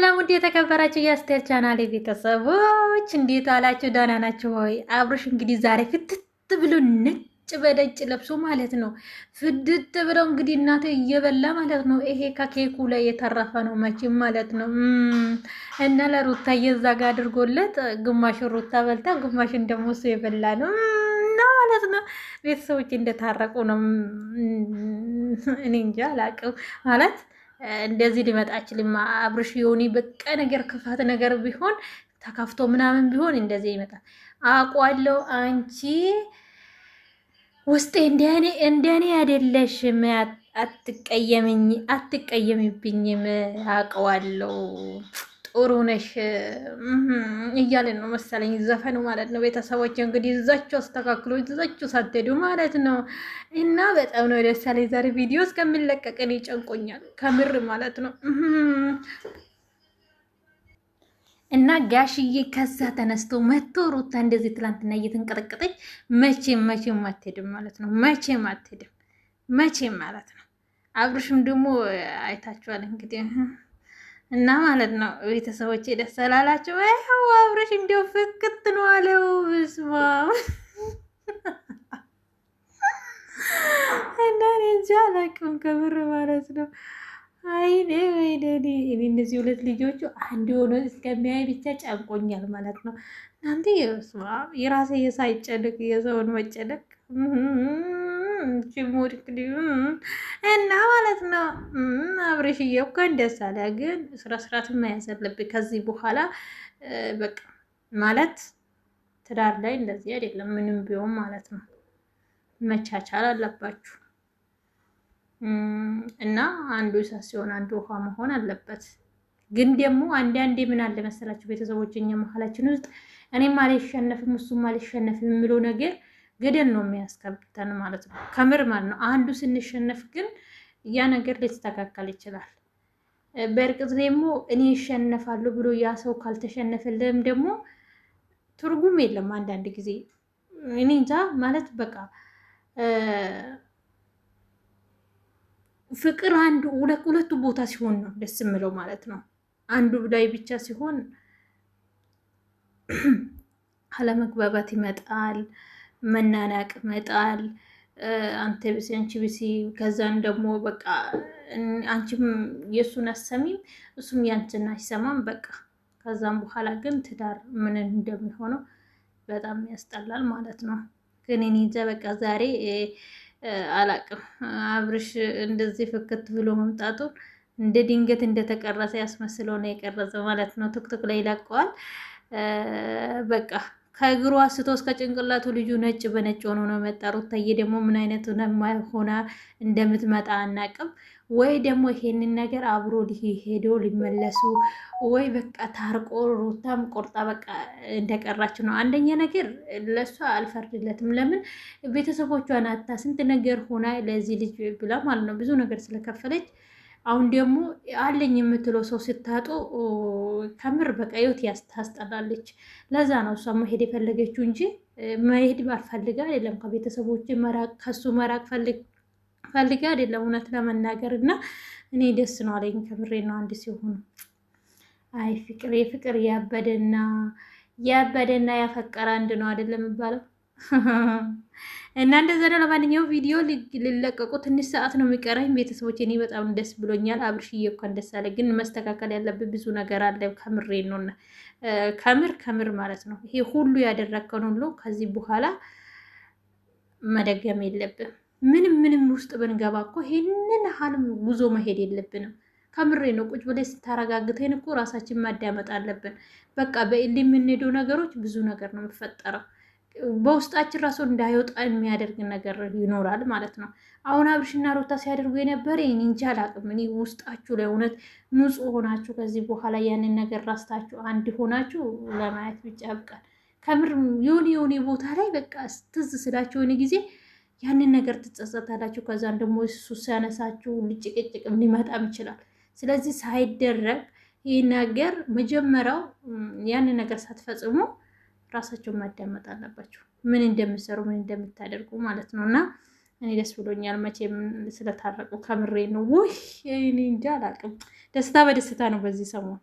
ሰላም ውድ የተከበራችሁ የአስቴር ቻናል ቤተሰቦች እንዴት አላችሁ? ደህና ናችሁ ሆይ? አብሮሽ እንግዲህ ዛሬ ፍትት ብሎ ነጭ በነጭ ለብሶ ማለት ነው። ፍድት ብሎ እንግዲህ እናቱ እየበላ ማለት ነው። ይሄ ከኬኩ ላይ የተረፈ ነው መቼም ማለት ነው። እና ለሩታ እየዛጋ አድርጎለት ግማሽ ሩታ በልታ ግማሹን ደግሞ እሱ የበላ ነው እና ማለት ነው ቤተሰቦች እንደታረቁ ነው። እኔ እንጃ አላቅም ማለት እንደዚህ ሊመጣችልማ አብርሽ የሆነ በቃ ነገር ክፋት ነገር ቢሆን ተካፍቶ ምናምን ቢሆን እንደዚህ ይመጣል። አውቋለሁ አንቺ ውስጤ እንደኔ አይደለሽም፣ አትቀየምኝ አትቀየምብኝም፣ አውቀዋለሁ ጥሩ ነሽ እያለን ነው መሰለኝ ዘፈኑ ማለት ነው። ቤተሰቦች እንግዲህ እዛችሁ አስተካክሎ እዛችሁ ሳትሄዱ ማለት ነው። እና በጣም ነው ደስ ያለኝ ዛሬ ቪዲዮ እስከሚለቀቅን ይጨንቆኛል ከምር ማለት ነው። እና ጋሽዬ ከዛ ተነስቶ መቶ ሩታ እንደዚህ ትላንትና እየተንቀጠቀጠች መቼም መቼም አትሄድም ማለት ነው። መቼም አትሄድም መቼም ማለት ነው። አብርሽም ደግሞ አይታችኋል እንግዲህ እና ማለት ነው ቤተሰቦቼ ደስ አላላችሁ? ይኸው አብረሽ እንዲያው ፍክት ነው አለው። በስመ አብ እና እኔ እንጃ አላውቅም ከምር ማለት ነው። አይኔ ወይኔ እኔ እነዚህ ሁለት ልጆቹ አንድ ሆኖ እስከሚያይ ብቻ ጨንቆኛል ማለት ነው። እናንተ የራሴ የሳይጨንቅ የሰውን መጨነቅ ጅሙድ እና ማለት ነው። አብረሽዬ እንኳን እንደሳለ ግን ስራ ስርዓት መያዝ አለብኝ ከዚህ በኋላ በቃ ማለት ትዳር ላይ እንደዚህ አይደለም፣ ምንም ቢሆን ማለት ነው። መቻቻል አለባችሁ እና አንዱ እሳት ሲሆን አንዱ ውሃ መሆን አለበት። ግን ደግሞ አንዳንዴ ምን አለ መሰላችሁ ቤተሰቦች፣ እኛ መሀላችን ውስጥ እኔም አልሸነፍም እሱም አልሸነፍም የሚለው ነገር ገደል ነው የሚያስከብተን ማለት ነው። ከምር ማለት ነው። አንዱ ስንሸነፍ ግን ያ ነገር ሊስተካከል ይችላል። በእርግጥ ደግሞ እኔ ይሸነፋለሁ ብሎ ያ ሰው ካልተሸነፈልም ደግሞ ትርጉም የለም። አንዳንድ ጊዜ እኔ እንጃ ማለት በቃ ፍቅር አንዱ ሁለቱ ቦታ ሲሆን ነው ደስ የምለው ማለት ነው። አንዱ ላይ ብቻ ሲሆን አለመግባባት ይመጣል። መናናቅ፣ መጣል፣ አንተ ብሲ አንቺ ብሲ፣ ከዛን ደግሞ በቃ አንቺም የእሱን አሰሚም እሱም ያንቺን አይሰማም። በቃ ከዛም በኋላ ግን ትዳር ምን እንደሚሆነው በጣም ያስጠላል ማለት ነው። ግን እኔ እንጃ በቃ ዛሬ አላቅም አብርሽ እንደዚህ ፍክት ብሎ መምጣቱ እንደ ድንገት እንደተቀረጸ ያስመስለው ነው የቀረጸ ማለት ነው። ቲክቶክ ላይ ይለቀዋል በቃ ከእግሩ አስቶ እስከ ጭንቅላቱ ልጁ ነጭ በነጭ ሆኖ ነው መጣ። ሩታዬ ደግሞ ምን አይነት ሆና እንደምትመጣ አናቅም። ወይ ደግሞ ይሄንን ነገር አብሮ ሄዶ ሊመለሱ ወይ በቃ ታርቆ ሩታም ቆርጣ በቃ እንደቀራችው ነው። አንደኛ ነገር ለእሷ አልፈርድለትም። ለምን ቤተሰቦቿን አታ ስንት ነገር ሆና ለዚህ ልጅ ብላ ማለት ነው ብዙ ነገር ስለከፈለች አሁን ደግሞ አለኝ የምትለው ሰው ስታጡ ከምር በቃ ህይወት ታስጠላለች። ለዛ ነው እሷ መሄድ የፈለገችው እንጂ መሄድ ባልፈልጋ አይደለም። ከቤተሰቦች ከሱ መራቅ ፈልጋ አይደለም። እውነት ለመናገር እና እኔ ደስ ነው አለኝ ከምሬ ነው አንድ ሲሆኑ አይ ፍቅር የፍቅር ያበደና ያበደና ያፈቀረ አንድ ነው አይደለም የሚባለው እና እንደዛ ነው። ለማንኛውም ቪዲዮ ሊለቀቁ ትንሽ ሰዓት ነው የሚቀረኝ ቤተሰቦች። እኔ በጣም ደስ ብሎኛል። አብርሽዬ እንኳን ደስ አለ። ግን መስተካከል ያለብን ብዙ ነገር አለ። ከምሬ ነው እና ከምር ከምር ማለት ነው ይሄ ሁሉ ያደረግከውን ሁሉ ከዚህ በኋላ መደገም የለብን። ምንም ምንም ውስጥ ብንገባ እኮ ይህንን ሀልም ጉዞ መሄድ የለብንም። ከምሬ ነው። ቁጭ ብላይ ስታረጋግተን እኮ ራሳችን ማዳመጥ አለብን። በቃ በኢል የምንሄደው ነገሮች ብዙ ነገር ነው የሚፈጠረው። በውስጣችን ራሱ እንዳይወጣ የሚያደርግ ነገር ይኖራል ማለት ነው። አሁን አብርሽና ሩታ ሲያደርጉ የነበረ እኔ እንጃ አላቅም። እኔ ውስጣችሁ ላይ እውነት ንጹሕ ሆናችሁ ከዚህ በኋላ ያንን ነገር ራስታችሁ አንድ ሆናችሁ ለማየት ብቻ ያብቃል። ከምር የሆነ የሆነ ቦታ ላይ በቃ ትዝ ስላችሁ የሆነ ጊዜ ያንን ነገር ትጸጸታላችሁ። ከዛን ደግሞ እሱ ሲያነሳችሁ ጭቅጭቅም ሊመጣም ይችላል። ስለዚህ ሳይደረግ ይህ ነገር መጀመሪያው ያንን ነገር ሳትፈጽሙ ራሳቸውን ማዳመጥ አለባቸው። ምን እንደምሰሩ ምን እንደምታደርጉ ማለት ነው። እና እኔ ደስ ብሎኛል መቼም ስለታረቁ ከምሬ ነው። ውይ እኔ እንጃ አላቅም። ደስታ በደስታ ነው በዚህ ሰሞን